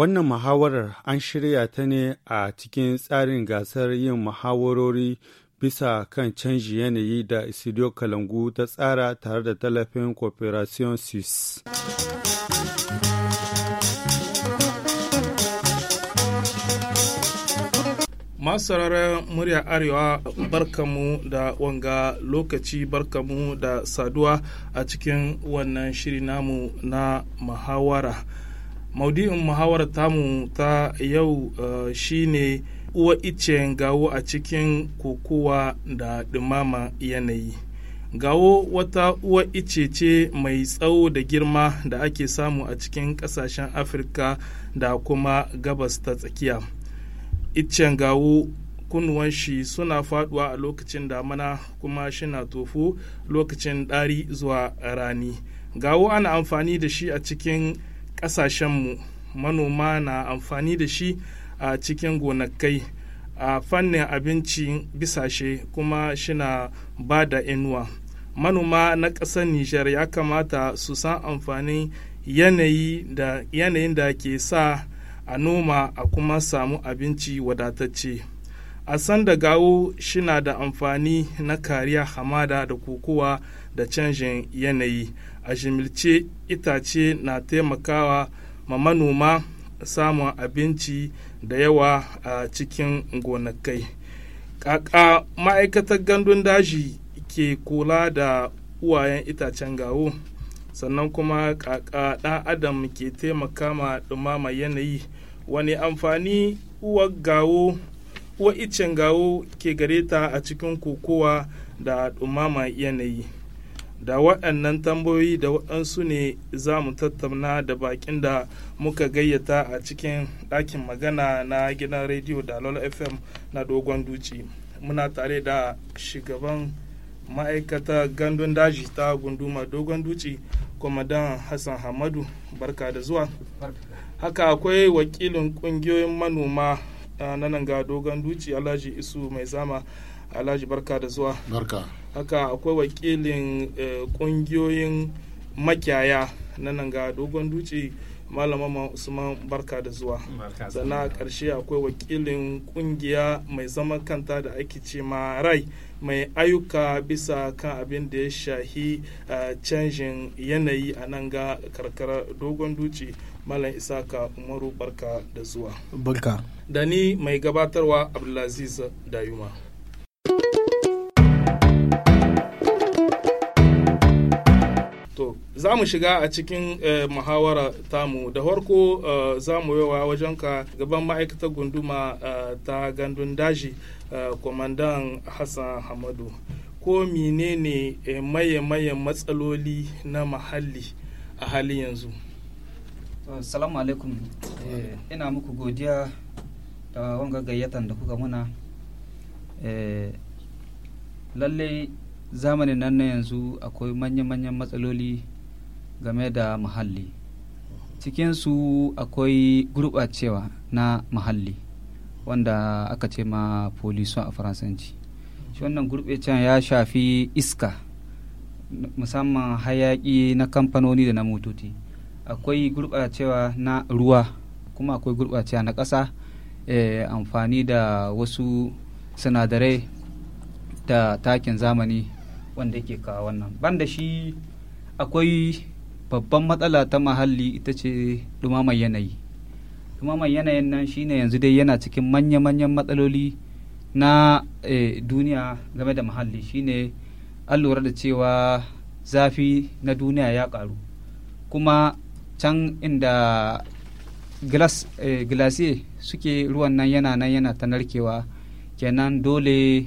Wannan muhawarar an shirya ta ne a cikin tsarin gasar yin muhawarori bisa kan canji yanayi da Isidio Kalangu ta tsara tare da tallafin Cooperation sis masu sararin murya arewa barkamu da wanga lokaci barkamu da saduwa a cikin wannan shiri namu na muhawara. maudu'in muhawar tamu ta yau uh, shine uwa ice gawo a cikin kokowa da ɗumama yanayi gawo wata uwa ice ce mai tsawo da girma da ake samu a cikin ƙasashen afirka da kuma gabas ta tsakiya icen gawo kunnuwan shi suna faduwa a lokacin damana kuma shina tofu lokacin ɗari zuwa rani gawo ana amfani da shi a cikin ƙasashenmu manoma na amfani da shi a cikin gonakai a fannin abinci bisashe kuma shina ba da inuwa manoma na ƙasar nijar ya kamata su san amfanin yanayin da ke sa a noma a kuma samu abinci wadatacce a san da gawo shina da amfani na kariya hamada da kokowa da canjin yanayi a shimilce itace na taimakawa ma manoma samun abinci da yawa a cikin gonakai kaka ma'aikatar gandun daji ke kula da uwayen itacen gawo sannan kuma kaka ɗan adam ke taimaka ma ɗumama yanayi wani amfani uwar gawo kuwa iccen gawo ke gare ta a cikin kokowa da ɗumama yanayi da waɗannan tambayoyi da waɗansu ne za mu tattauna da bakin da muka gayyata a cikin ɗakin magana na gidan rediyo da lol fm na dogon duci muna tare da shugaban ma'aikata gandun daji ta gunduma dogon duci kwamadan hassan hamadu barka da zuwa haka akwai wakilin ƙungiyoyin manoma na nan ga dogon duci alhaji isu mai zama alhaji barka da zuwa barka haka akwai wakilin kungiyoyin eh, makiyaya na nan ga dogon duci malaman usman barka da zuwa sannan a ƙarshe akwai wakilin kungiya mai zaman kanta da ake ce ma rai mai ayyuka bisa kan abin da ya shahi canjin yanayi a nan ga karkarar dogon duci malam isaka umaru barka da zuwa barka da ni mai gabatarwa abdulaziz dayuma za mu shiga a cikin eh, muhawara tamu da farko eh, za mu yawa wajen ka gaban ma'aikatar gunduma eh, ta gandun daji kwamandan hassan hamadu ko menene maye-maye matsaloli na mahalli a hali yanzu salamu alaikum ina muku godiya da wanga gayyatan da kuka muna lallai zamanin nan na yanzu akwai manya-manyan matsaloli game da muhalli cikinsu akwai gurɓacewa na muhalli wanda aka ce ma poliso a faransanci shi wannan gurɓacen ya shafi iska musamman hayaƙi na kamfanoni da na motoci akwai gurɓacewa na ruwa kuma akwai gurɓacewa na ƙasa eh, amfani da wasu sinadarai da takin zamani wanda yake kawo wannan banda shi akwai babban matsala ta muhalli ita ce dumaman yanayi dumaman yanayin nan shine yanzu dai yana cikin manya-manyan matsaloli na eh, duniya game da muhalli shine an lura da cewa zafi na duniya ya ƙaru kuma can inda eh, glacier suke ruwan nan yana nan yana ta narkewa kenan dole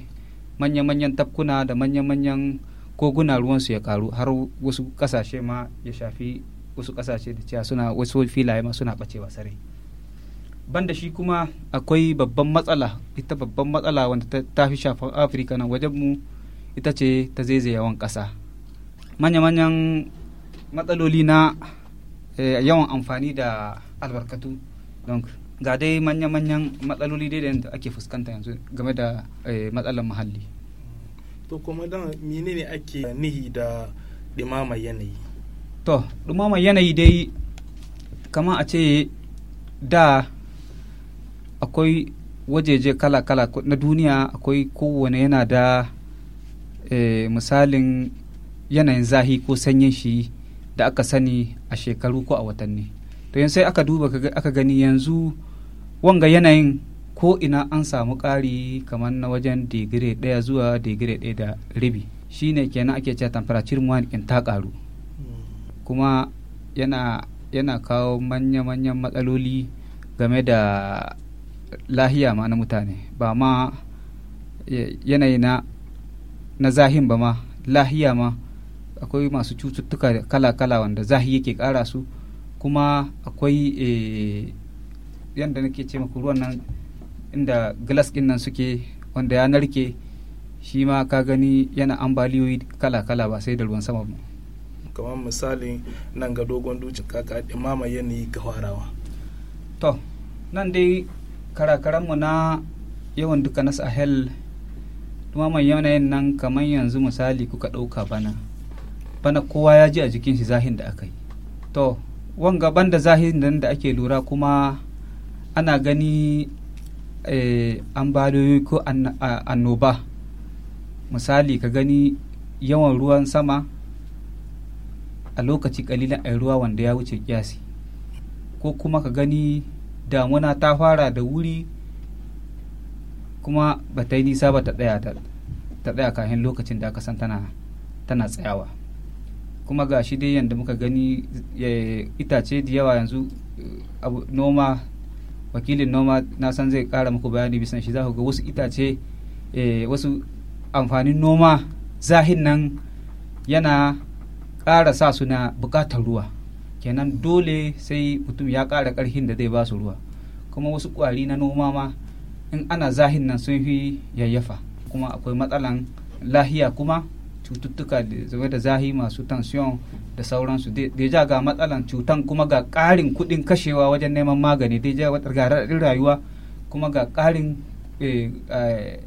manya-manyan tafkuna da manya-manyan koguna ruwansu ya karu har wasu kasashe ma ya shafi wasu kasashe da cewa suna wasu filaye ma suna bacewa sarai banda shi kuma akwai babban matsala ita babban matsala wanda ta fi shafan afirka nan wajen mu ita ce ta yawan kasa. manya-manyan matsaloli na eh, yawan amfani da albarkatu don ga dai manya-manyan matsaloli dai da ake fuskanta yanzu game da eh, matsalar muhalli to kuma dan menene ake nihi da dumama yanayi to dumama yanayi dai kama a ce da akwai wajeje kala-kala na duniya akwai kowane yana da e, misalin yanayin zahi ko sanyin shi da aka sani a shekaru ko a watanni to yanzu sai aka duba aka gani yanzu wanga yanayin ko ina an samu ƙari kamar na wajen digire ɗaya zuwa digire ɗaya da ribi shi ne kenan ake cewa temperature muwan in ta ƙaru kuma yana kawo manya-manyan matsaloli game da lahiya ma na mutane ba ma yanayi na zahin ba ma lahiya ma akwai masu cututtuka kala-kala wanda zahi yake kara su kuma akwai eh, yadda nake ce maku ruwan nan inda glass din nan suke wanda ya narke shi ma ka gani yana ambaliyoyi kala-kala ba sai da ruwan sama ba kamar misali nan ga dogon ducin kaka imama yanayi gawarawa to nan dai karakaranmu na yawan duka na sahel dumaman yanayin nan kamar yanzu misali kuka ɗauka bana bana kowa ya ji a jikin shi zahin da aka yi to wanga banda zahin da ake lura kuma ana gani Eh, an badoyi ko annoba misali ka gani yawan ruwan sama a lokaci kalilan a ruwa wanda ya wuce kyasi ko kuma ka gani damuna ta fara da wuri kuma ba ta yi nisa ba ta ta tsaya kafin lokacin da aka san tana tana tsayawa kuma ga shi dai yadda muka gani eh, itace da yawa yanzu eh, noma wakilin noma na san zai kara muku bayani bisan shi za ku ga wasu itace eh, wasu amfanin noma zahin nan yana kara sa su na buƙatar ruwa kenan dole sai mutum ya kara ƙarfin da zai ba su ruwa kuma wasu ƙwari na noma ma in ana zahin nan sun fi yayyafa kuma akwai matsalan lahiya kuma cututtuka da zama da zahi masu tension da sauransu ja ga matsalan cutan kuma ga ƙarin kuɗin kashewa wajen neman magani deja ga raɗin rayuwa kuma ga ƙarin eh, eh,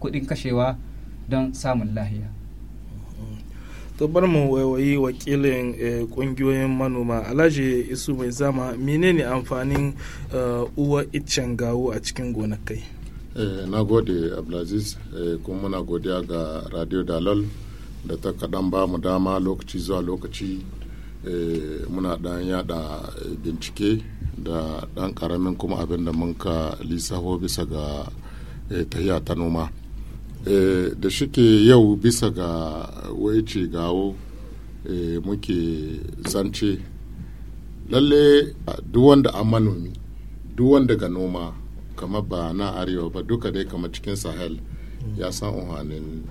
kuɗin kashewa don samun lahiya to bar mu waiwayi wakilin kungiyoyin eh, manoma alhaji isu mai zama menene amfanin uwa iccen gawo a cikin gonakai na gode abdulaziz kuma muna godiya ga radio dalol da ta kaɗan ba mu dama lokaci zuwa lokaci eh, muna ɗan yada eh, bincike da ɗan ƙaramin kuma abin da mun ka ho bisa ga eh, tahiya ta noma da shike yau bisa ga ce gawo muke zance lalle duk wanda an manomi duk wanda ga noma kama ba na arewa ba duka dai kama cikin sahel ya san umarnin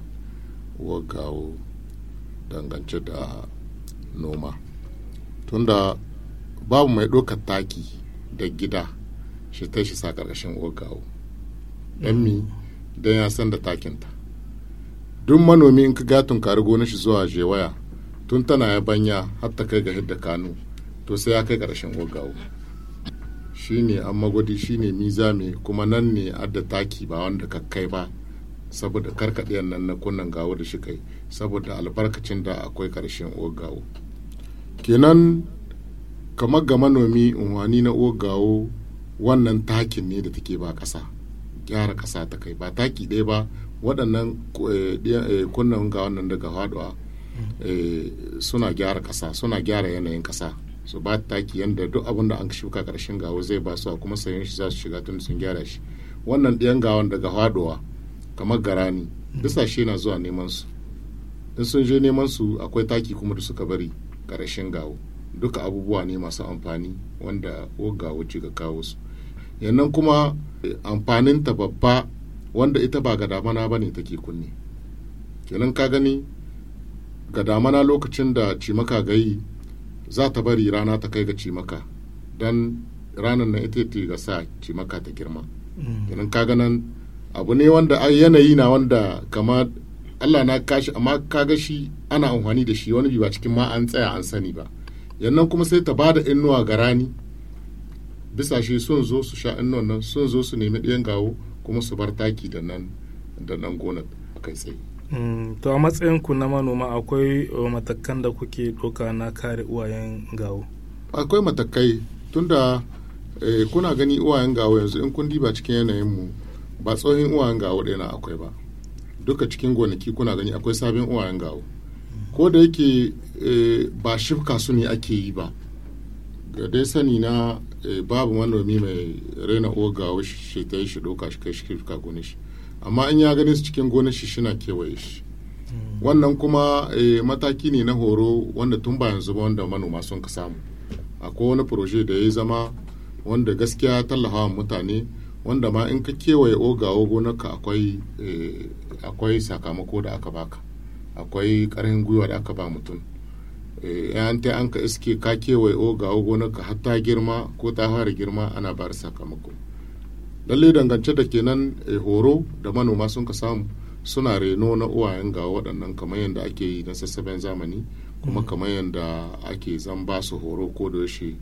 gawo. dangance da noma tunda babu mai ɗaukar taki da gida shi ta shi sa ƙarƙashin ogawo don mi don ya san da takinta duk manomi in ka gatun kari gonar shi zuwa jewaya tun tana ya banya har ta kai ga hidda kanu to sai ya kai ƙarshen ogawo shi ne an magwadi shi ne miza mizami kuma nan ne adda taki ba wanda ka kai ba saboda karkaɗe nan na kunnan gawo da shi kai saboda albarkacin da akwai ƙarshen ogawo kenan kamar ga manomi unwani na ogawo wannan takin ne da take ba ƙasa gyara ƙasa ta kai ba taki ɗaya ba waɗannan eh, eh, kunnan ga wannan daga faɗuwa eh, suna gyara ƙasa suna gyara yanayin ƙasa su ba taki yadda duk abin da an shuka ƙarshen gawo zai ba su kuma sayan shi za su shiga tun sun gyara shi wannan ɗayan gawan daga faɗuwa kamar garani bisashe na zuwa neman su in sun je neman su akwai taki kuma da suka bari ƙarashin gawo duka abubuwa ne masu amfani wanda ko gawo ce ga kawo su yannan kuma amfanin ta babba wanda ita ba ga damana ba ne take kunne kenan ka gani ga damana lokacin da cimaka gayi za ta bari rana ta kai ga cimaka don ranar na ita ta ga sa cimaka ta girma mm. kenan ka ganin abu ne wanda yanayi na wanda kama Allah na kashi amma kaga shi ana amfani da shi wani bi ba cikin ma an tsaya an sani ba yannan kuma sai ta bada innuwa ga rani bisa shi sun zo su sha innuwan nan sun zo su nemi ɗayan gawo kuma su bar taki da nan da nan gonar kai tsaye mm, to a matsayin ku na manoma akwai uh, matakan da kuke doka na kare uwayen gawo akwai matakai tunda eh, kuna gani uwayen gawo yanzu in kun diba cikin yanayin mu ba tsohon uwayen gawo ɗaya na akwai ba duka cikin gonaki kuna gani akwai sabin uwayen gawo ko da yake eh, ba shifka su ne ake yi ba ga dai sani na eh, babu manomi mai raina uwar gawo shi ta yi shi ɗauka shi kai shifka shi amma in ya gani su cikin gonar shi shina kewaye shi hmm. wannan kuma eh, mataki ne na horo wanda tun ba yanzu ba wanda manoma sun ka samu akwai wani proje da ya zama wanda gaskiya tallafawa mutane wanda ma in ka kewaye ogawo gonarka akwai akwai sakamako da aka baka akwai karin gwiwa da aka ba mutum yan eh, ta an ka iske ka kewaye ga gonarka har ta girma ko ta fara girma ana ba sakamako lallai dangance da kenan eh, horo da manoma sun ka samu suna reno na uwayen ga waɗannan kamar yadda ake yi na sassaben zamani kuma mm. kamar yadda ake zan ba su horo ko da yaushe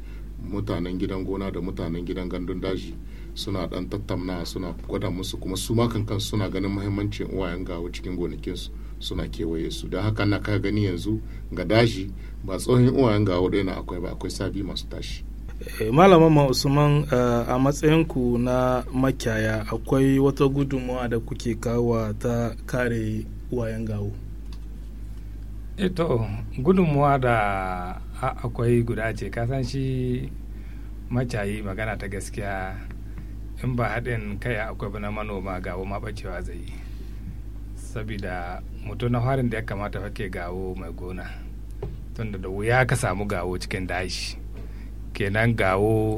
mutanen gidan gona da mutanen gidan gandun daji suna dan tattauna suna gwada musu kuma su ma kankan suna ganin muhimmancin uwayen gawo cikin gonakin su suna kewaye su don haka na ka gani yanzu ga dashi ba tsohon uwayen gawo ɗaya na akwai ba akwai sabi masu tashi eh, malaman usman eh, a matsayinku na makiyaya akwai wata gudunmawa da kuke kawa ta kare uwayen gawo ito eh, gudunmawa da akwai guda ce kasan shi macayi magana ta gaskiya in ba haɗin kai akwai ba na manoma gawo ma ɓacewa zai yi saboda mutum na harin da ya kamata fake gawo mai gona tunda da wuya ka samu gawo cikin dashi kenan gawo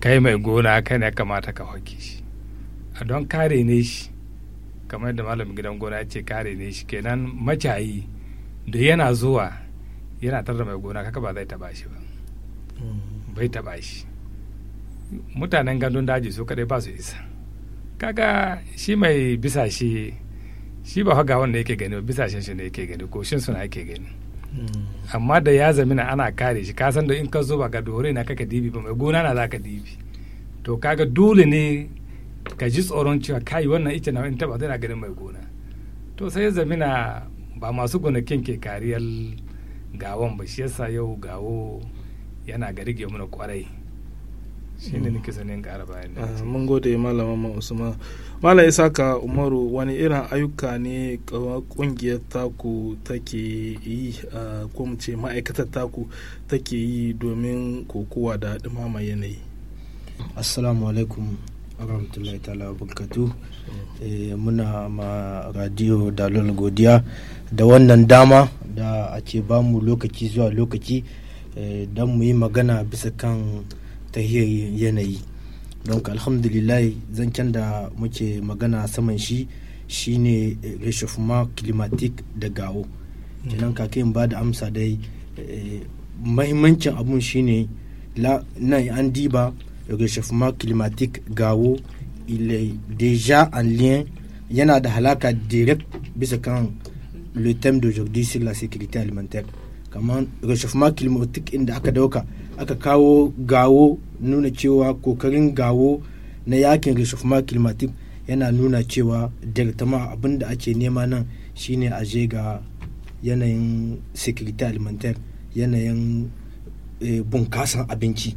kai mai gona kai ne kamata ka hake shi a don kare ne shi kamar da malamin gidan gona ya ce kare ne shi kenan macayi da yana zuwa yana tarda mai gona kaka ba zai taba shi ba mm. bai taba shi mutanen gandun daji su kadai ba su isa kaga shi mai bisa shi shi ba ga wanda yake gani bisa bisashen shi ne yake gani ko shin suna yake gani hmm. amma da ya zamina ana kare shi kasan da in ka zo ba ga dore na kaka dibi ba mai gona na za ka dibi to kaga dole ne ka ji tsoron cewa kai wannan ita na in taba zai na ganin mai gona to sai ya zamina ba masu gonakin ke kariyar gawon ba shi yasa yau gawo yana gari rige mana kwarai shi ne nake sanin ƙara bayani ah, mun gode malama usman malam isaka umaru wani irin ayyuka ne kungiyar taku take yi ko mu ce ma'aikatar taku take yi domin kokowa da dumama yanayi assalamu alaikum rahmatullahi ta'ala barkatu eh, muna ma radio dalol godiya da wannan dama da ake bamu lokaci zuwa lokaci eh, don mu yi magana bisa kan ta yanayi don alhamdulillah zancen da muke magana saman shi shine réchauffement climatique da gawo kenan kakin ba da amsa dai eh, mahimmancin abun shine na an diba le réchauffement climatique Gao. il est déjà en lien yana da halaka direct bisa kan le thème d'aujourd'hui sur la sécurité alimentaire kamar réchauffement climatique inda aka dauka aka kawo gawo nuna cewa kokarin gawo na yakin rishofma climatic yana nuna cewa deltama abin da ake nema nan shine a je ga yanayin security alimentar yanayin eh, bunkasan abinci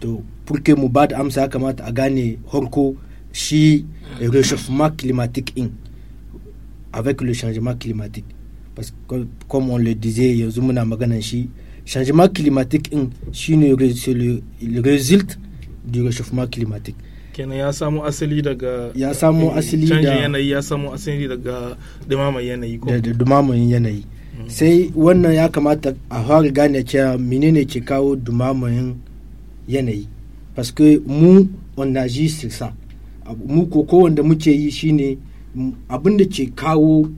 to purke mu ba da amsa ya kamata a gane horko shi eh, réchauffement in avec le changement climatique parce que comme on le disait yanzu muna maganan shi changement climatique in shine le result du réchauffement climatique kenan ya samu asali daga ya samu eh, asali da canjin yanayi ya samu asali daga dumaman yanayi ko da dumaman yanayi mm. sai wannan ya kamata a fara gane cewa menene ke kawo dumaman yanayi que mu on ji ça mu ko kowanda muke yi shine abin da ke kawo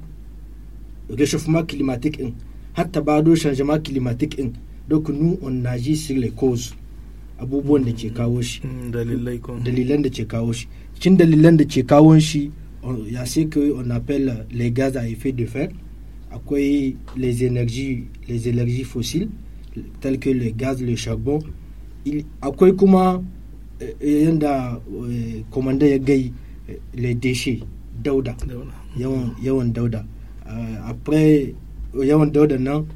réchauffement climatique in hatta ba do changement climatique in donc nous on agit sur les causes abubuwan da ke kawo shi dalilan da ke kawo shi cikin dalilan da ke kawo shi ya sai que on appelle les gaz à effet de fer akwai les énergies les énergies fossiles telles que le gaz le charbon il akwai kuma yanda komanda ya gai euh, les déchets dauda yawan dauda euh, après yawan y nan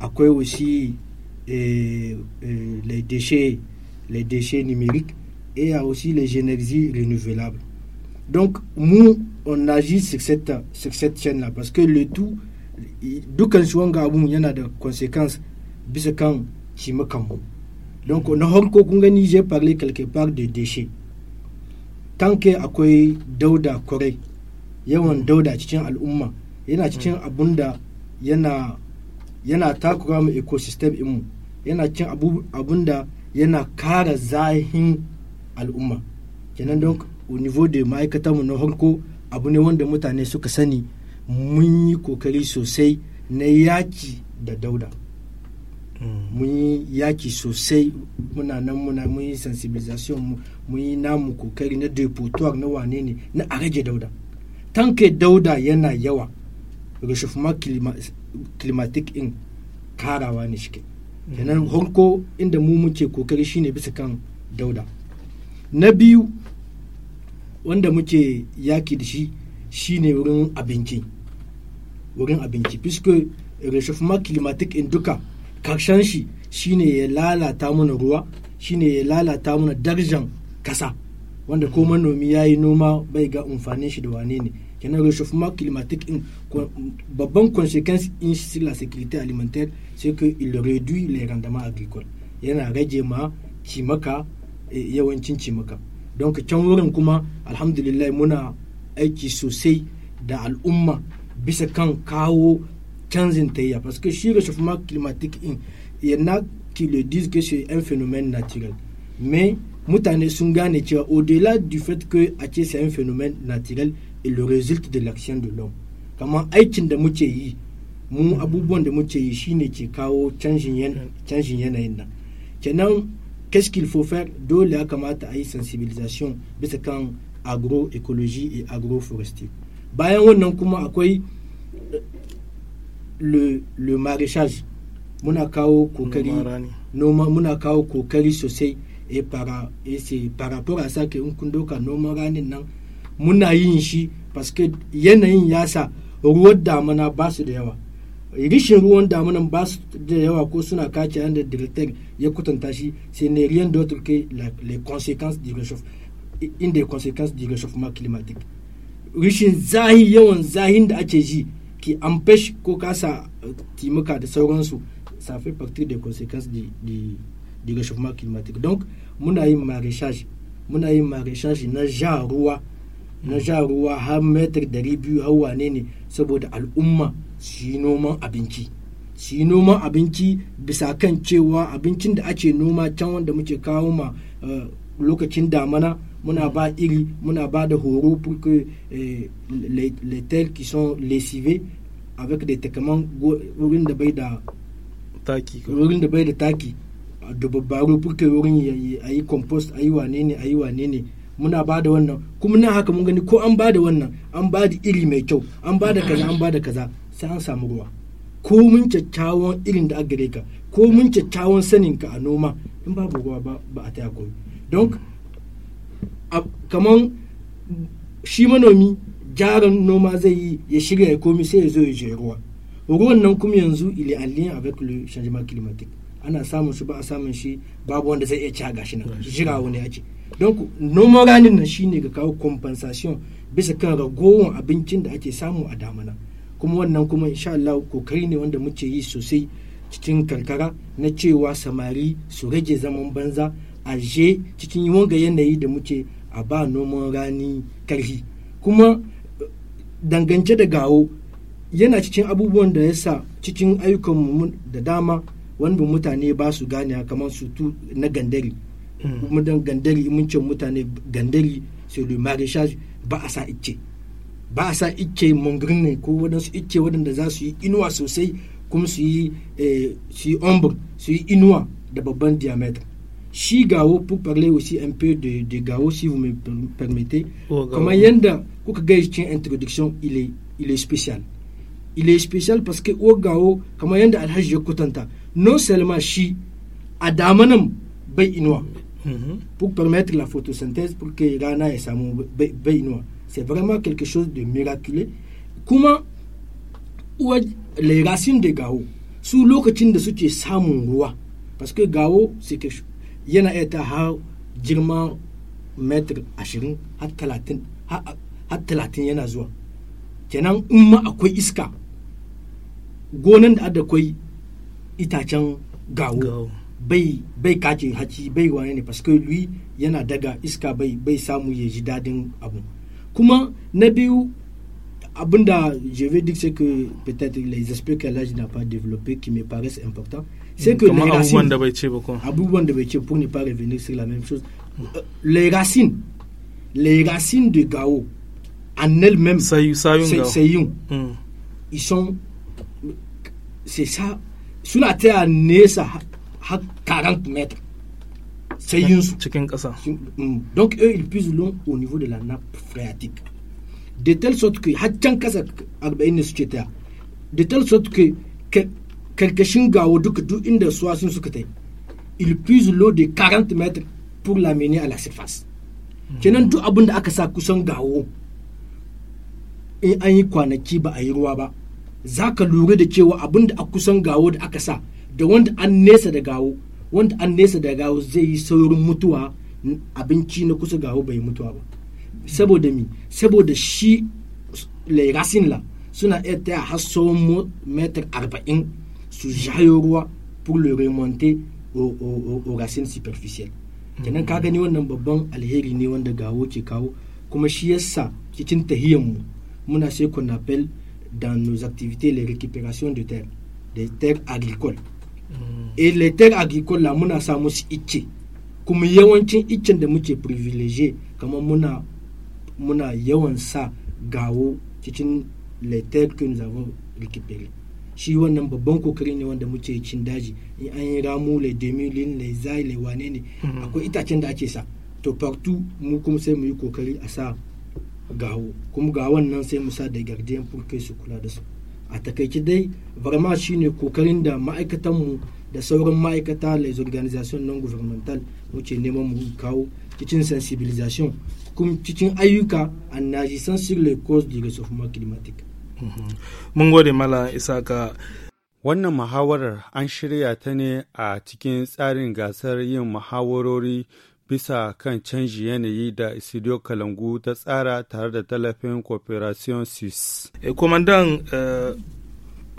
akwai aussi euh, euh, les déchets numériques et il y a aussi les énergies renouvelables donc nous on agit sur cette sur cette chaîne là parce que le tout dukkan en il y a des conséquences bisa kan a encore donc na part encore déchets. j'ai parlé quelque part de déchets tant que akwai dauda Il yawan dauda cikin al'umma qui cikin à bunda yana yana takura mu ecosystem mu yana cin abun da yana kara zahin al'umma kenan don au niveau de ma'aikata mu na harko abu ne wanda mutane suka sani mun yi kokari sosai na yaki da dauda mm. mun yi yaki sosai muna nan muna mun yi sensibilisation mun yi namu kokari na depotuwar na wane ne na a rage dauda tanke dauda yana yawa réchauffement climatique in karawa ne shi mm. kenan harko inda mu muke kokari shine bisa kan dauda na biyu wanda muke yaki da shi shine wurin abinci wurin abinci fiske réchauffement climatique in duka karshen shi shine ya lalata mana ruwa shine ya lalata mana darjan kasa wanda ko mm. manomi ya yi noma bai ga amfanin shi da wane ne y a un réchauffement climatique une bonne conséquence sur la sécurité alimentaire c'est qu'il réduit les rendements agricoles a qui Il y un yana un ma qui yawancin cimaka donc can wurin kuma alhamdulillah muna aiki sosai da al'umma bisa kan kawo canjin chaos parce que sur le réchauffement climatique il y en a qui le disent que c'est un phénomène naturel mais mutane au-delà du fait que c'est un phénomène naturel est le résultat de l'action de l'homme Comment aikin da muke yi mu abubuwan da muke yi shine ke kawo canjin yanayin nan kenan qu'est-ce qu'il faut faire dole la kamata aï sensibilisation, sensibilisation bisa kan agroécologie et agroforesterie bayan wannan kuma akwai euh, le, le maraîchage muna kawo kokari noma muna kawo kokari sosai et par et c'est par rapport à ça que un kun doka noman nan muna yin shi paske yanayin ya sa ruwan damana ba su da yawa rishin ruwan damunan ba su da yawa ko suna kace yadda directeur ya kutanta shi sai ne rien d'autre que les conséquences du in the consequences du réchauffement climatique rishin zahi yawan zahin da ake ji ki ampesh ko kasa eh, timuka da sauransu ça fait partie des conséquences du, du, du réchauffement climatique donc muna yin maraîchage muna yin maraîchage na ja ruwa na sha ruwa har metar dari biyu har wane ne saboda al'umma su yi noman abinci su yi noman abinci bisa kan cewa abincin da ake noma can wanda muke kawo ma eh, lokacin damana muna ba iri muna ba da horo pour que eh, les terres qui sont lessivés avec des takaman wurin da bai da taki wurin da bai da taki da babbaro pour que wurin a yi compost a yi wane ne a yi wane ne muna ba da wannan kuma nan haka mun gani ko an ba da wannan an ba da iri mai kyau an ba da kaza an ba da kaza sai an samu ruwa ko mun kyakkyawan irin da aka gare ka ko mun kyakkyawan sanin ka a noma in babu ruwa ba ba a taya komi don kaman shi manomi jaran noma zai yi ya shirya ya komi sai ya zo ya je ruwa ruwan nan kuma yanzu ile alliyan a bakulu changement climatique ana samun su ba a samun shi babu wanda zai iya ci a gashi nan jirawo ne ake don noman ranin nan shine ga kawo compensation bisa kan ragowar abincin da ake samu a damana kuma wannan kuma insha Allah kokari ne wanda muke yi sosai cikin karkara na cewa samari su rage zaman banza a je cikin wanga yanayi da muke a ba noman rani karfi kuma dangance da gawo yana cikin abubuwan da ya sa cikin ayyukanmu da dama wanda mutane ba su gane kamar su na gandari kuma dan gandari mun ce mutane gandari sai le maraîchage ba a sa icce ba a sa icce mongirin ne ko wadansu icce wadanda za su yi inuwa sosai kuma su yi eh, su yi su yi inuwa da babban diameter shi gawo pour parler aussi un peu de, de gawo si vous me permettez oh, yanda kuka ga cikin introduction il est il est spécial il est spécial parce que o oh, gawo kamar yanda alhaji ya kutanta non seulement shi a damanan bai inuwa pour permettre la photosynthèse pour que Rana et Samo veillent noir. C'est vraiment quelque chose de miraculeux. Comment les racines de Gao, sous lokacin da suke mon roi, parce que Gao yana iya ta har girma metir ashirin har talatin har talatin a zuwa kenan in ma quoi iska gonan de ada kwai itacen Gaou bai bai kace haci bai wane ne parce lui yana daga iska bai bai samu ya ji dadin abu kuma na biyu abinda je vais dire c'est que peut-être les aspects que l'âge n'a pas développé qui me paraissent importants c'est que les racines abubuwan da bai ce pour ne pas revenir sur la même chose euh, les racines les racines de Gao en elles-mêmes c'est hmm. ils sont c'est ça sur la terre née ça har 40 mètres. C'est une cikin ƙasa. Mm. Donc eux ils puissent l'eau au niveau de la nappe phréatique. De telle sorte que har can ƙasa arba'in De telle sorte que karkashin gawo duka duk inda suwa sun suka tai. Ils puissent l'eau de 40 mètres pour l'amener à la surface. Mm. Kenan duk abin da aka sa kusan gawo in an yi kwanaki ba a yi ruwa ba za lura da cewa abin da a gawo da aka sa da wanda an nesa da gawo wanda an nesa da gawo zai yi saurin mutuwa abinci na kusa gawo bai mutuwa ba saboda mi saboda shi lairasin la suna iya taya har tsawon metar arba'in su jayo ruwa pour le remonter au, au, au, racine superficielle kenan ka gani wannan babban alheri ne wanda gawo ke kawo kuma shi yasa cikin tahiyanmu muna sai qu'on appelle dans nos activités les récupérations de terre des terres agricoles agricoles agricola muna sa musu icce kuma yawancin iccen da muke privilege kamar muna muna yawan sa gawo cikin letek kun zabo rikipere shi wannan babban kokari ne wanda muke cin daji in an yi ramu le demilin le zai le wane ne hmm. akwai itacen da ake sa to partout mu kuma sai mu yi kokari a sa gawo kuma ga nan sai mu sa da gardiyan que su kula da su a takaice dai barma shine kokarin da ma'aikatanmu da sauran ma'aikata les organisations non gouvernementales muke neman mu kawo cikin sensibilisation kuma cikin ayyuka en agissant sur les causes du réchauffement climatique mhm. mun gode mala isaka wannan muhawarar an shirya ta ne a cikin tsarin gasar yin muhawarori bisa kan canji yanayi da isidio kalangu ta tsara tare da tallafin cooperation sis. E, eh, kwamandan eh,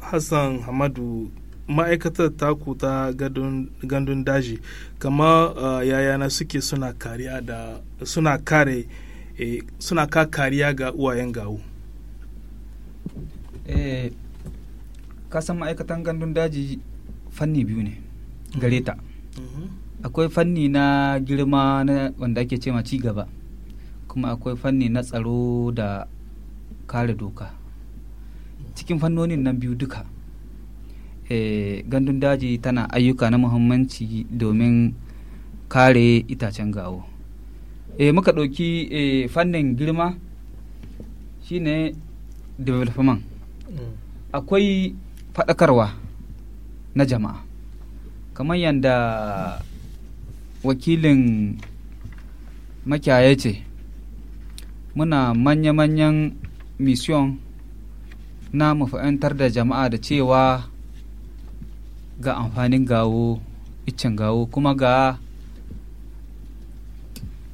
hassan hamadu ma'aikatar taku ta gandun daji kama eh, yayana suke suna suna kare suna ka kariya ga uwayen gawo kasan ma'aikatan gandun daji fanni biyu ne gare ta mm-hmm. akwai fanni na girma na wanda ake cema ci gaba kuma akwai fanni na tsaro da kare doka cikin fannonin nan biyu duka e, gandun daji tana ayyuka na muhimmanci domin kare itacen gawo e, muka ɗauki e, fannin girma shine development mm. akwai faɗakarwa na jama'a kamar yadda wakilin makiyaya ce muna manya-manyan mission na mafa'antar da jama'a da cewa ga amfanin gawo iccen gawo kuma ga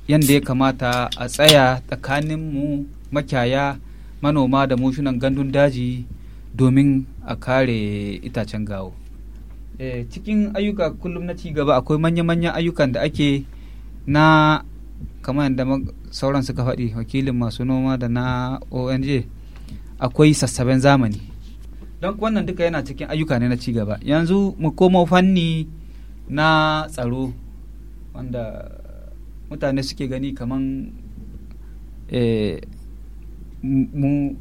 yadda ya kamata a tsaya tsakanin mu makiyaya manoma da mushunan gandun daji domin a kare itacen gawo Eh, cikin ayyuka kullum na ci gaba akwai manya-manyan ayyukan da ake na kamar yadda sauran suka faɗi wakilin masu noma da na ong akwai sassaben zamani don wannan duka yana cikin ayyuka ne na ci gaba yanzu mu komo fanni na tsaro wanda mutane suke gani kaman eh, mu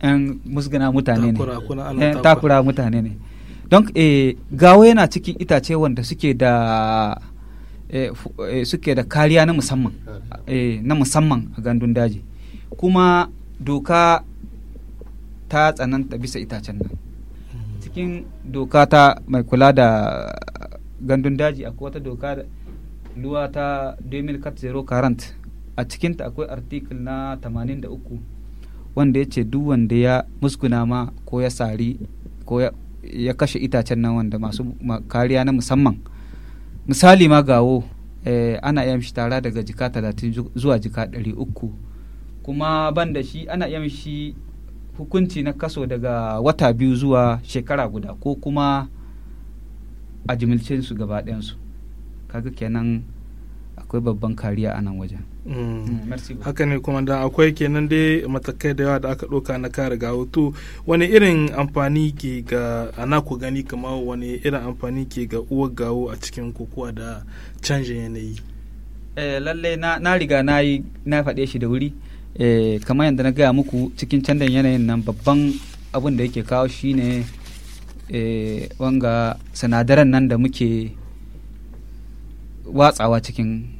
'yan musgana mutane ne takura eh, mutane ne don eh, gawo yana cikin itace wanda suke da eh, eh suke da kariya na musamman eh, na musamman a gandun daji kuma doka ta tsananta bisa itacen nan cikin doka ta mai kula da gandun daji akwai wata doka luwa ta 2040 current a cikinta akwai article na 83 wanda ya ce duk wanda ya muskuna ma ko ya sari ko ya ya kashe itacen nan wanda masu kariya na musamman misali ma gawo eh, ana iya mishi tara daga jika talatin zuwa jika ɗari uku kuma ban da shi ana iya mishi hukunci na kaso daga wata biyu zuwa shekara guda ko kuma a jimilcinsu gabaɗayansu. gaba kaga kenan akwai babban kariya a nan wajen mm. Mm, haka ne kuma da akwai kenan dai matakai da yawa da aka ɗauka na kare ga hoto wani irin amfani ke ga ana ku gani kama wani irin amfani ke ga uwar gawo a cikin kokowa da canjin yanayi eh, lallai na, riga na yi na faɗe shi da wuri eh yadda na gaya muku cikin canjin yanayin nan babban abin da yake kawo shi ne eh, wanga sinadaran nan da muke watsawa cikin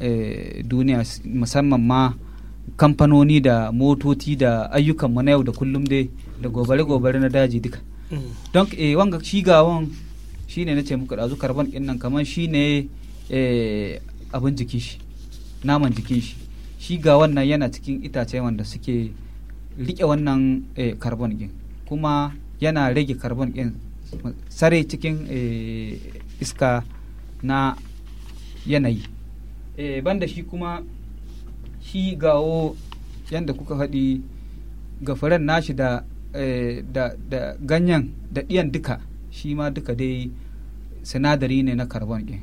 Eh, duniya musamman ma kamfanoni da motoci da ayyukan mu na yau da kullum dai da gobare-gobare na daji duka mm. don eh, wanga shi gawon shi ne na ce muku ɗazu karban ɗin nan kamar shi ne eh, abin jikin shi naman jikin shi shi ga wannan yana cikin itace wanda suke riƙe wannan karbon ɗin kuma yana rage carbon ɗin sare cikin iska na yanayi eh, banda shi kuma shi gawo yadda kuka haɗi gafaran nashi da, eh, da, da ganyen da ɗiyan duka shi ma duka dai sinadari ne na carbon ɗin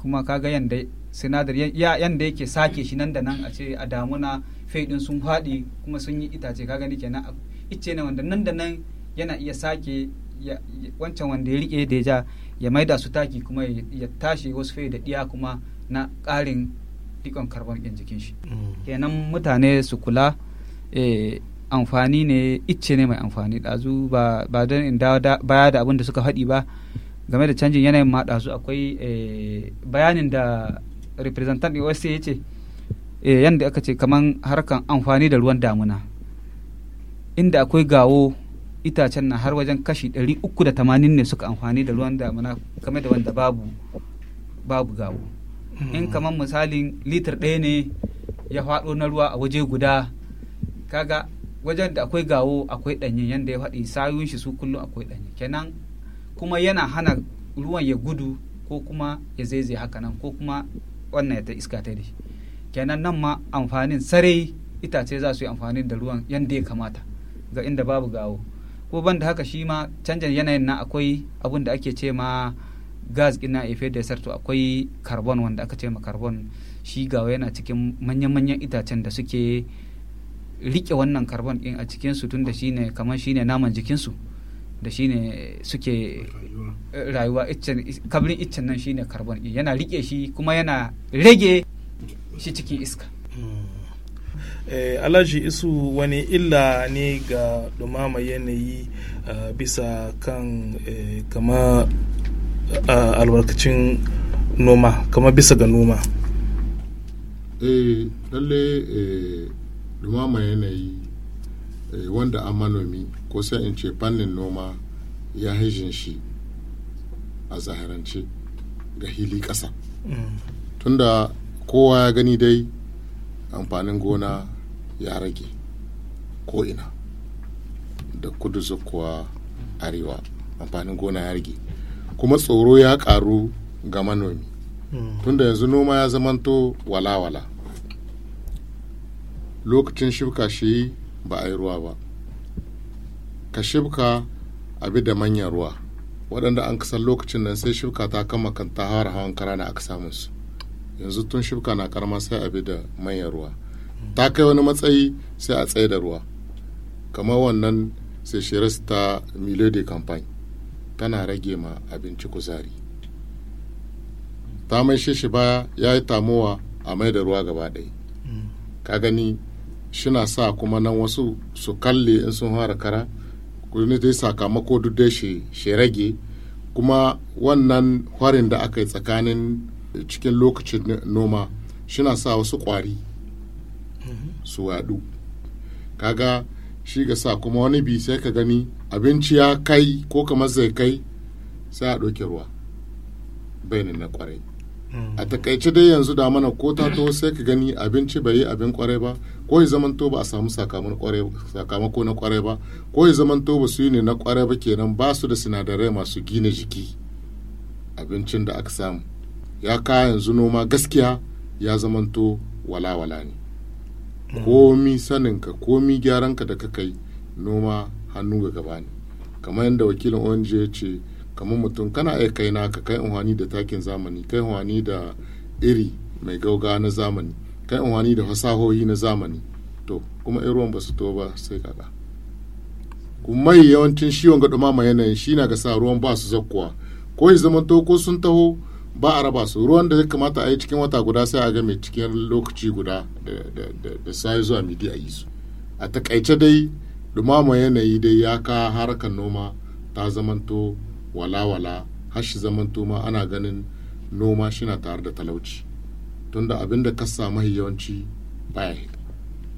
kuma kaga yadda sinadari yadda yake sake shi nan da nan a ce a damuna faiɗin sun faɗi kuma sun yi itace kaga ni kenan ice ne wanda nan da nan yana iya sake wancan wanda ya rike da ya ja ya maida su taki kuma ya tashi wasu fai da ɗiya kuma na ƙarin rikon karbon ɗin jikin shi mm. kenan mutane su kula eh, amfani ne icce ne mai amfani ɗazu ba don in baya da abin da suka faɗi ba game da canjin yanayin ma ɗazu akwai eh, bayanin da representant OSCE ya ce eh, yadda aka ce kamar harkan amfani da ruwan damuna inda akwai gawo itacen na har wajen kashi 380 ne suka amfani da ruwan damuna game da wanda babu babu gawo Mm. in kamar misalin litir ɗaya ne ya faɗo na ruwa a waje guda kaga wajen da akwai gawo akwai ɗanyen yadda ya faɗi sayun shi su kullum akwai ɗanye kenan kuma yana hana ruwan ya gudu ko kuma ya zaizaye haka nan ko kuma wannan ya ta iska ta da kenan nan ma amfanin sarai itace za su yi amfani da ruwan yadda ya kamata ga inda babu gawo ko ban da haka shi ma canjin yanayin nan akwai abun da ake ce ma gas na efe da sarto akwai carbon wanda aka ce ma carbon shi gawa yana cikin manya-manyan itacen da suke rike wannan carbon ɗin a cikin su tun da shi ne kamar ne naman jikinsu da shi ne suke eh, rayuwa kabrin iccen nan shi ne carbon ɗin yana rike shi kuma yana rage shi cikin iska eh, alhaji isu wani illa ne ga dumama yanayi eh, bisa kan kama albarkacin noma kama bisa ga noma eh lalle eh, dumama yanayi eh, wanda an manomi ko sai in ce fannin noma ya haijin shi a zaharance ga hili ƙasa mm. tunda kowa ya gani dai amfanin gona ya rage ko'ina da kudu kuwa arewa amfanin gona ya rage kuma tsoro ya karu ga manomi hmm. tunda yanzu noma ya zamanto walawala lokacin shibka shi ba a yi ruwa ba ka shibka abi da manyan ruwa waɗanda an kasar lokacin nan sai shibka ta kama kan ta hawar hawan kara na aka samu su yanzu tun shibka na karama sai abi da manyan ruwa hmm. ta kai wani matsayi sai a tsaye da ruwa kamar wannan sai shiras ta de campagne tana rage ma abinci kuzari ta mai shi baya ya yi tamowa a mai da ruwa gaba ɗaya ka gani shina sa kuma nan wasu su kalle in sun fara kara kudin dai sakamako duk da shi rage kuma wannan kwarin da aka yi tsakanin cikin lokacin noma shina sa wasu kwari mm-hmm. su waɗu kaga shi ga sa kuma wani bi sai ka gani abinci ya kai ko kamar zai kai sai a ɗauke ruwa bainin na kwarai hmm. a takaice dai yanzu da mana ko ta to sai ka gani abinci bai yi abin kwarai ba ko ya to ba a samu sakamako na kwarai ba ko ya zamanto ba su yi ne na kwarai ba kenan ba su da sinadarai masu gina jiki abincin da aka samu ya ka yanzu noma gaskiya ya zamanto wala-wala ne komi saninka komi ka da ka kai noma hannu ga gaba ne kamar yadda wakilin ong ya ce kamar mutum kana iya kai naka kai unhani da takin zamani kai unhani da iri mai gauga na zamani kai unhani da fasahohi na zamani to kuma irin ba su to ba sai kaga kuma yawancin shi wanga dumama yanayin shi na ga sa ruwan ba su zakkuwa ko ya zama to ko sun taho ba a raba su ruwan da ya kamata a yi cikin wata guda sai a ga mai cikin lokaci guda da sai zuwa midi a yi su a takaice dai dumama yanayi dai ya ka harkar noma ta zamanto walawala har shi zamanto ma ana ganin noma shina tare da talauci tunda abin da ka samu yawanci baya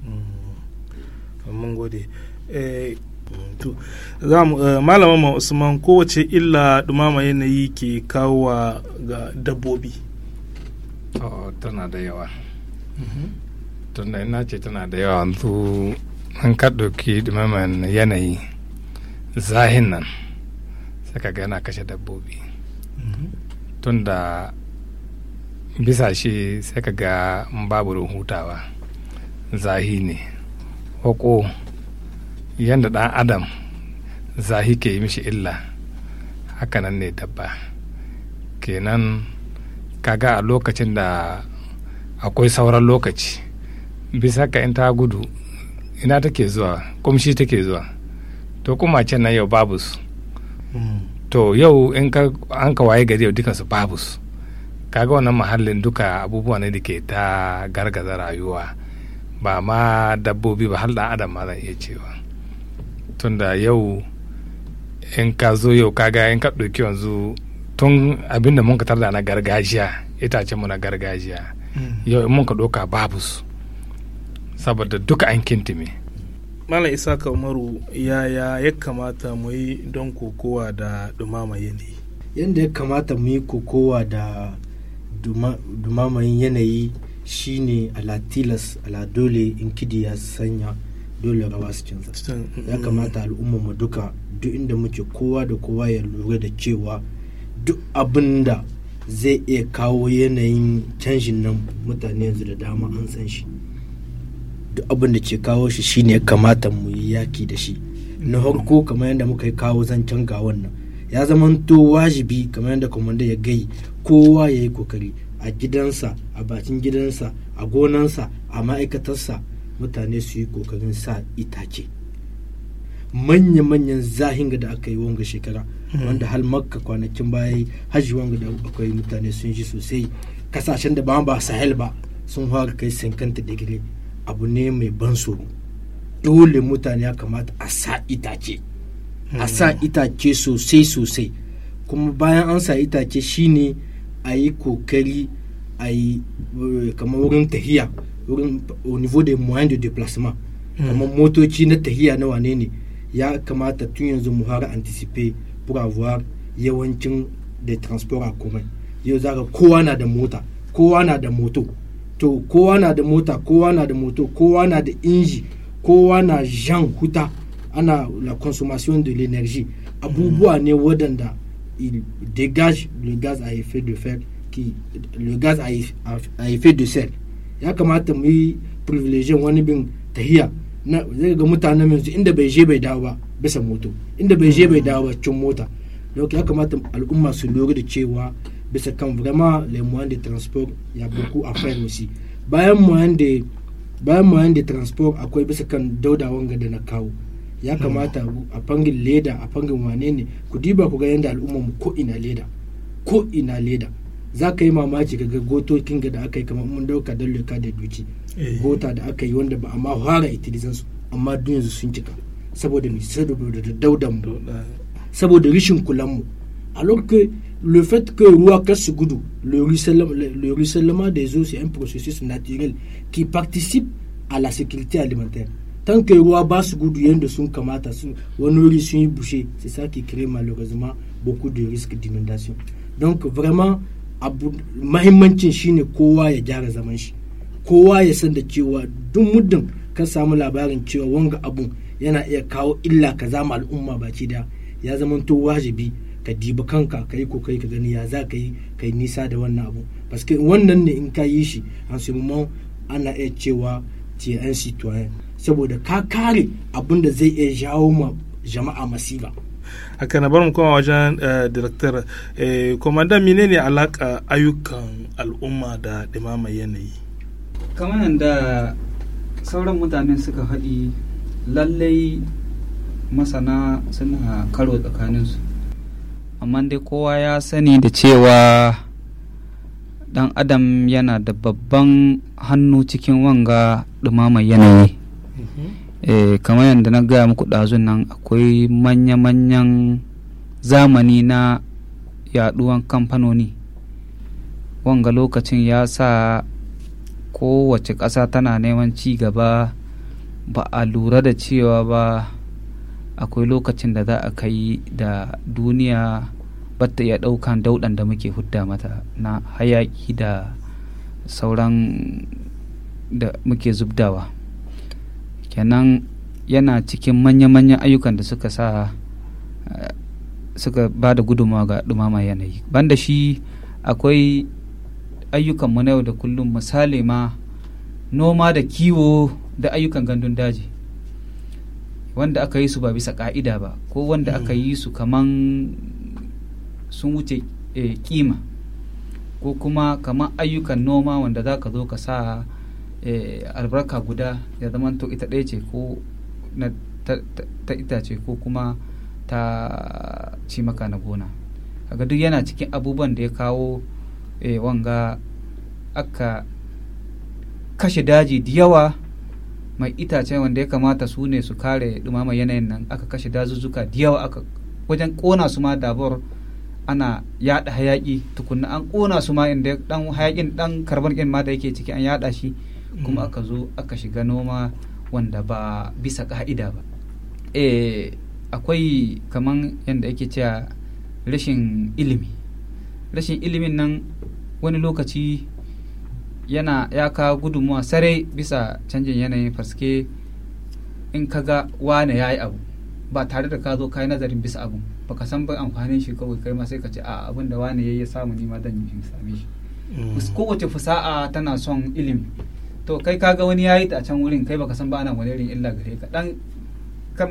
mm. mun gode eh, Eh, malama ma usman kowace illa dumama yanayi ke kawo ga dabbobi tana da yawa mhm. tunda ina ce tana da yawa su an ka ɗauki dumama yanayi zahin nan sai ka yana kashe dabbobi mhm. tunda bisa shi sai ka ga babu hutawa zahi ne hoko yadda ɗan adam zahi ke yi mishi illa hakanan ne dabba kenan kaga a lokacin da akwai sauran lokaci bisa ka in ta gudu ina take zuwa kumshi take zuwa to kuma can nan yau babu su mm. to yau in ka an ka waye gari yau duka su babu su kaga wannan mahallin duka abubuwa ne da ke ta gargaza rayuwa ba ma dabbobi ba har da adam ma zan iya cewa tunda yau in ka zo yau kaga in ka ɗauki yanzu tun abinda mun ka tarda na gargajiya itace mu na gargajiya mm. yau in mun ka ɗauka babu su saboda duka an kintime Malam Isaka Umaru yaya ya kamata mu yi don kokowa da dumama yanayi? Yadda ya kamata mu yi kokowa da dumama yanayi shine alatilas aladole in kidi ya sanya dole rawa su canza mm, mm. ya kamata al'ummar mu duka duk inda muke kowa da kowa ya lura da cewa duk abin da zai iya kawo yanayin canjin nan mutane yanzu da dama an san shi duk abin da ke kawo shi shine ya kamata mu yi yaki da shi na farko kamar yadda muka yi kawo zancen ga wannan ya zama to wajibi kamar yadda kwamandar ya gai kowa ya yi kokari a gidansa a bakin gidansa a gonansa a ma'aikatarsa mutane su yi kokarin sa itace manya-manyan zahinga da aka yi wanga shekara hmm. wanda hal makka kwanakin baya hajji wanga da akwai mutane sun ji sosai kasashen da ba ba sahel ba sun fara kai sankanta digiri abu ne mai ban tsoro dole mutane ya kamata a sa itace a sa hmm. itace sosai sosai kuma bayan an sa itace shine a yi kokari a yi eh, kamar wurin tahiya au niveau des moyens de déplacement kamar hmm. motoci na tahiya na wane ne ya kamata tun yanzu mu har anticiper pour avoir yawancin da transport en commun yau zaka kowa na da mota kowa na da moto to kowa na da mota kowa na da moto kowa na da inji kowa na jan huta ana la consommation de l'énergie abubuwa hmm. ne wadanda il dégage le gaz à effet de serre qui le gaz à effet de serre ya kamata mu yi privilege wani bin tahiya na zai ga mutanen yanzu inda bai je bai dawo ba bisa moto inda bai je bai dawo ba cin mota don ya kamata al'umma su lura da cewa bisa kan vraiment les moyen de transport ya beaucoup à faire aussi bayan moyen de bayan moyen de transport akwai bisa kan daudawan ga da na kawo ya hmm. kamata a fangin leda a fangin wane ne ku diba ku ga yanda al'umma mu ko ina leda ko ina leda za ka yi mamaci ga kinga da aka yi kamar mun dauka don leka da duci eh. gota da aka yi wanda ba amma fara itilizan su amma duniya yanzu sun cika saboda ni saboda da daudan mu saboda rishin kulan mu alors que le fait que roi casse goudou le ruissellement le ruissellement des eaux c'est un processus naturel qui participe à la sécurité alimentaire tant que roi basse goudou yen de son kamata on nourrit son bouché c'est ça qui crée malheureusement beaucoup de risques d'inondation donc vraiment abu mahimmancin shine kowa ya gyara zaman shi kowa ya san da cewa duk muddin ka samu labarin cewa wanga abun yana iya kawo illa ka zama al'umma baki da ya zama to wajibi ka diba kanka ka yi kokari ka gani ya za ka yi ka yi nisa da wannan abu paske wannan ne in ka yi shi an su ana iya cewa tnc saboda ka kare abun da zai iya jawo ma jama'a masiba haka na bar mu koma wajen eh, director eh, commander menene alaka ayyukan al'umma da ɗimama yanayi kamar da sauran mutane suka haɗi lallai masana suna karo tsakaninsu amma dai kowa ya sani da cewa dan adam yana da babban hannu cikin wanga ɗumamar yanayi eh, kamar yadda na gaya muku ɗazun nan akwai manya-manyan zamani na yaɗuwan kamfanoni wanga lokacin ya sa kowace ƙasa tana neman ci gaba ba a lura da cewa ba akwai lokacin da za a kai da duniya ba ta iya ɗaukan dauɗan da muke hudda mata na hayaƙi da sauran da muke zubdawa. kenan yana cikin manya-manyan ayyukan da suka sa eh, suka ba da gudunmawa ga dumama yanayi banda shi akwai ayyukanmu na yau da kullum misali ma noma da kiwo da ayyukan gandun daji wanda aka yi su ba bisa ka'ida ba ko wanda aka mm. yi su kaman sun wuce kima eh, ko kuma kaman ayyukan noma wanda za ka zo ka sa Eh, albarka guda ya zama zamanto ita ɗaya ce ko ta itace ko kuma ta ci maka na gona kaga duk yana cikin abubuwan da ya kawo eh, wanga aka kashe daji da yawa mai itace wanda ya kamata su ne su kare dumama yanayin nan aka kashe dazuzzuka da yawa aka wajen kona su ma dabar ana yada hayaki tukunna an kona su ma inda dan hayakin dan karbon ma da yake ciki an yada shi kuma mm. aka zo aka shiga noma wanda ba bisa ka'ida ba e, akwai kaman yadda ake cewa rashin ilimi rashin ilimin nan wani lokaci yana ya kawo gudunmuwa sarai bisa canjin yanayin farske in ka ga wane ya yi abu ba tare da ka zo ka yi nazarin bisa abu baka san bai amfanin shi kawai kai ma sai ka ce a abin da wane ya samu nima ma dan yi same shi mm. kowace fasa'a tana son ilimi to kai kaga wani yayi ta a can wurin kai baka san ba ana wani irin illa gare ka dan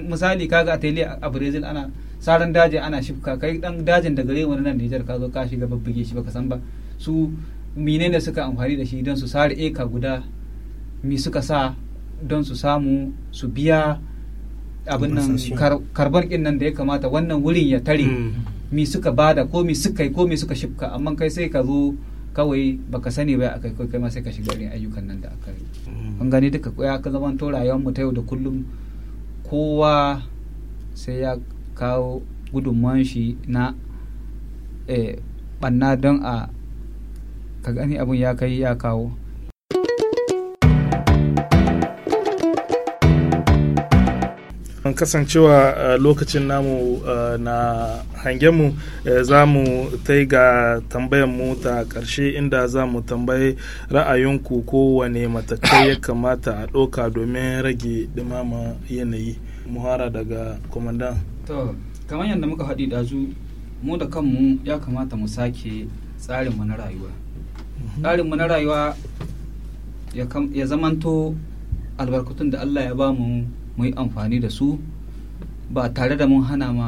misali kaga a tele a Brazil ana saran daji ana shifka kai dan dajin da gare wani nan Niger zo ka shiga babbige shi baka san ba su menene suka amfani da shi don su sare eka guda mi suka sa don su samu su biya abin nan karbar kin nan da ya kamata wannan wurin ya tare mm. mi suka bada ko mi suka yi ko mi suka shifka amma kai sai ka zo kawai baka sani ba akai kai ma sai ka shiga irin ayyukan nan da aka yi an mm. gani duka ya ka zaman to rayuwar mu ta yau da kullum kowa sai ya kawo gudunman shi na banna eh, don a ka gani abun ya kai ya kawo kasancewa eh, lokacin namu eh, na hangenmu eh, za mu ta ga mu ta ƙarshe inda za mu tambayi ra'ayinku kowane matakai ya kamata a ɗoka domin rage ɗumama yanayi muhara daga kwamandan to kamar yadda muka haɗi ɗazu mu da kanmu ya kamata mu sake tsarinmu na rayuwa mhm. tsarinmu na rayuwa ya zamanto albarkatun da allah ya bamu mu yi amfani da su ba tare da mun hana ma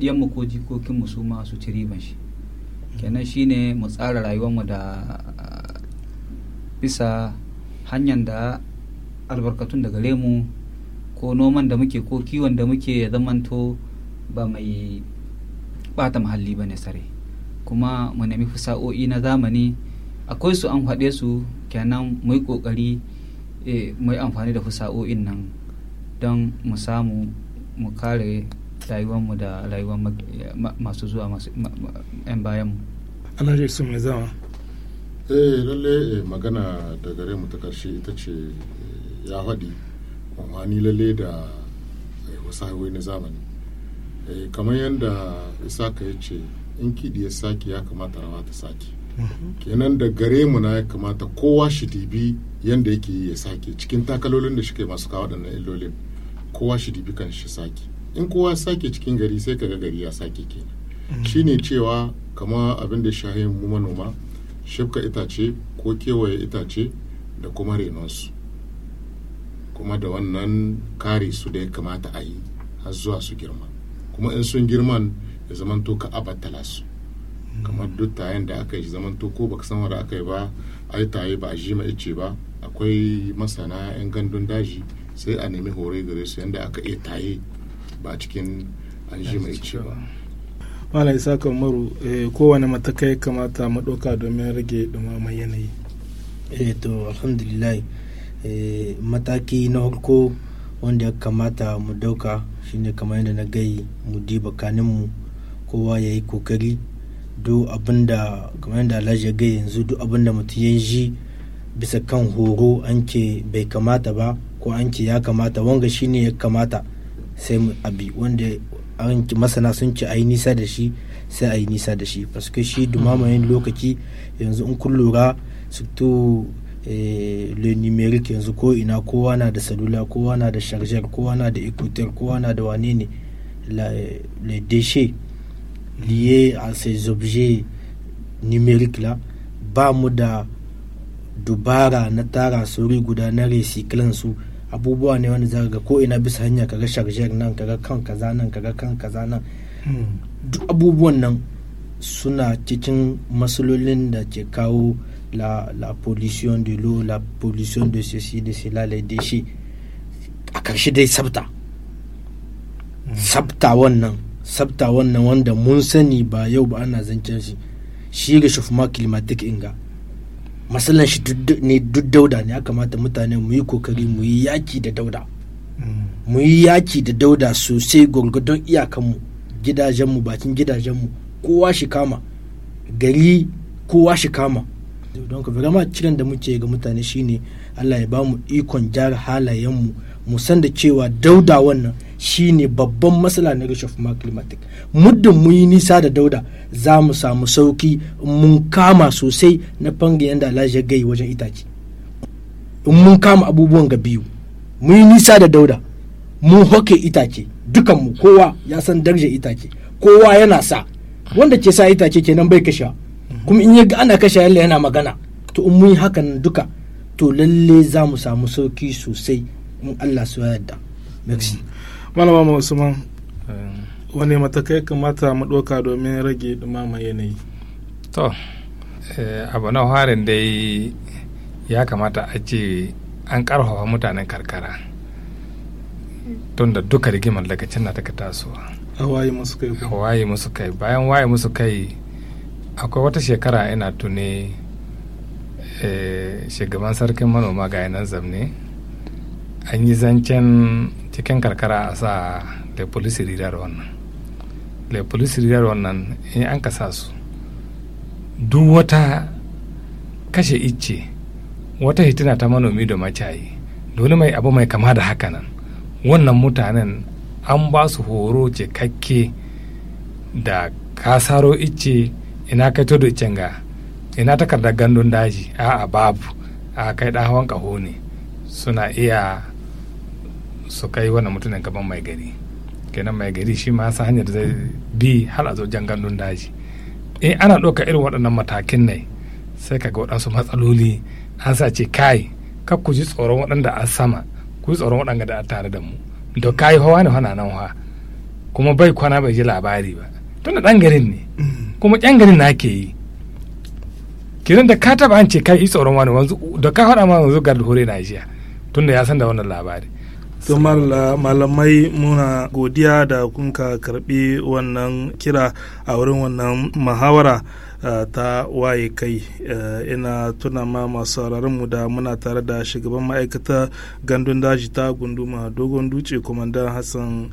yan ko jikokinmu su ma su ci riban shi kenan shine mu tsara rayuwarmu da bisa hanyar da albarkatun da gare mu ko noman da muke ko kiwon da muke ya zamanto ba mai bata muhalli ba ne sare kuma mu nemi fasa'o'i na zamani akwai su an faɗe su kenan mu yi ƙoƙari Eh, mai amfani da fusa'o'in nan don mu samu mu kare rayuwanmu da rayuwar masu zuwa masu 'yan bayanmu ce su mai zama eh lalle eh, magana da gare mu ta karshe ita ce eh, ya faɗi amfani lalle da wasu na zamani kamar yadda isaka ya ce in kiɗi ya sake ya kamata rawa ta sake kenan da gare mu na ya kamata kowa shi dibi yanda yake yi ya sake cikin takalolin da suke masu kawo waɗannan illolin kowa shi dibi kan shi sake in kowa ya sake cikin gari sai kaga gari ya sake kenan mm. shine cewa kama abin da shahi mu manoma shifka itace ko kewaye itace da kuma renonsu kuma da wannan kare su da ya kamata a yi har zuwa su girma kuma in sun girman ya zamanto ka abattala su kamar duk tayen da aka yi zaman to ko baka san wanda aka yi ba ai taye ba a ji ma ice ba akwai masana yan gandun daji sai a nemi hore gare su yanda aka iya taye ba cikin an ji ma ice ba Malam Isa Kamaru eh, kowane matakai kamata doka domin rage ɗumamar yanayi. Eh to alhamdulillah eh, mataki na farko wanda ya kamata mu dauka shine kamar yadda na gai mu diba kaninmu kowa yayi yi kokari duk abinda kamar yadda alhaji ya gai yanzu duk abinda mutum ya ji bisa kan horo an ke bai kamata ba ko an ke ya kamata wanga shine ya kamata sai mu abi wanda an ki masana sun ce a yi nisa da shi sai a yi nisa da shi paske shi dumamayin lokaci yanzu in kun lura surtout eh, le numeric yanzu ko ina kowa na da salula kowa na da charger kowa na da equator kowa na da wane ne le deshe liés à ces objets numériques-là ba da dubara na tara sauri guda na su abubuwa ne wanda zaka ga ko ina bisa hanya kaga sharjar nan kaga kan kaza nan kaga kan kaza nan hmm. duk abubuwan nan suna cikin masalolin da ke kawo la, la pollution de l'eau la pollution de ceci de cela les déchets a karshe dai sabta hmm. sabta wannan sabta wannan wanda mun sani ba yau ba ana zancen shi shi ga shafuma climatic inga matsalar shi ne duk dauda ne ya kamata mutane mu yi kokari mu yi yaki da dauda mu yi yaki da dauda sosai gwargwadon iyakanmu gidajenmu bakin gidajenmu kowa shi kama gari kowa shi kama don ka kiran da muke ga mutane shine allah ya bamu ikon gyara halayenmu mu san da cewa dauda wannan shine babban matsala na of climatique muddin mun yi nisa da dauda za mu samu sauki mun kama sosai na fangin yadda alhaji gai wajen itace in mun kama abubuwan ga biyu mun yi nisa da dauda mun hoke itace dukanmu kowa ya san darje itace kowa yana sa wanda ke sa itace kenan bai kashewa kuma in ya ga ana kashe yalla yana magana to in mun yi hakan duka to lalle za mu samu sauki sosai in Allah su yarda merci malama usman wani matakai kamata mu ɗauka domin rage dumama yanayi to eh, abu na harin dai ya kamata a ce an ƙarfafa mutanen karkara tun da duka rigimar lokacin na taka tasowa a waye musu kai a waye musu kai bayan waye musu kai akwai wata shekara ina tuni eh, shugaban sarkin manoma ga yanar zamne an yi zancen cikin karkara a sa da polisi ridar wannan da polisi ridar wannan in an kasa su duk wata kashe icce wata hitina ta manomi da macayi dole mai abu mai kama da haka nan wannan mutanen an ba su horo cikakke da kasaro icce ina kai to da ga ina takardar gandun daji a babu a kai hawan ƙaho ne suna iya su kai wani mutumin gaban mai gari kenan mai gari shi ma sa hanyar zai bi har a zojen gandun daji in ana ɗauka irin waɗannan matakin ne sai ka ga waɗansu matsaloli an sa ce kai ka ku ji tsoron waɗanda a sama ku ji tsoron waɗanda da a tare da mu da kai hawa ne hana nan hawa kuma bai kwana bai ji labari ba tunda ɗan garin ne kuma ɗan garin na ke yi kiran da ka taɓa an ce kai yi tsoron wani wanzu da ka faɗa ma wanzu gard hore na jiya tunda ya san da wannan labari to malamai muna godiya da kunka karbi wannan kira a wurin wannan muhawara eh, ta waye kai eh, ina tuna ma masu mu da muna tare da shugaban ma'aikata gandun daji ta gunduma dogon dutse kwamandan hassan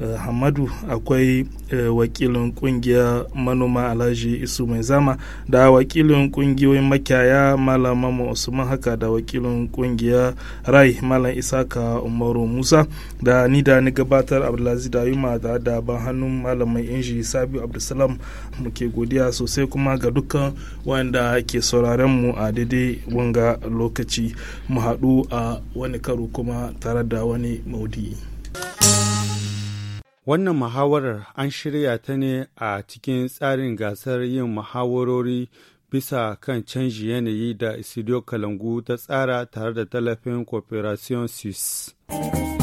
Eh, hamadu akwai eh, wakilin kungiyar manoma alhaji isu mai zama da wakilin kungiyoyin makiyaya malam usman haka da wakilin kungiyar rai malam isaka umaru musa da ni da ni gabatar abdulaziz dayuma da da ban hannun malamai inji sabi abdulsalam muke godiya sosai kuma ga dukkan wanda ke sauraren mu a daidai wanga lokaci mu haɗu a wani karo kuma tare da wani maudi'i. Wannan muhawarar an shirya ta ne a cikin tsarin gasar yin muhawarori bisa kan canji yanayi da Isidio Kalangu ta tsara tare da tallafin Cooperation Suisse.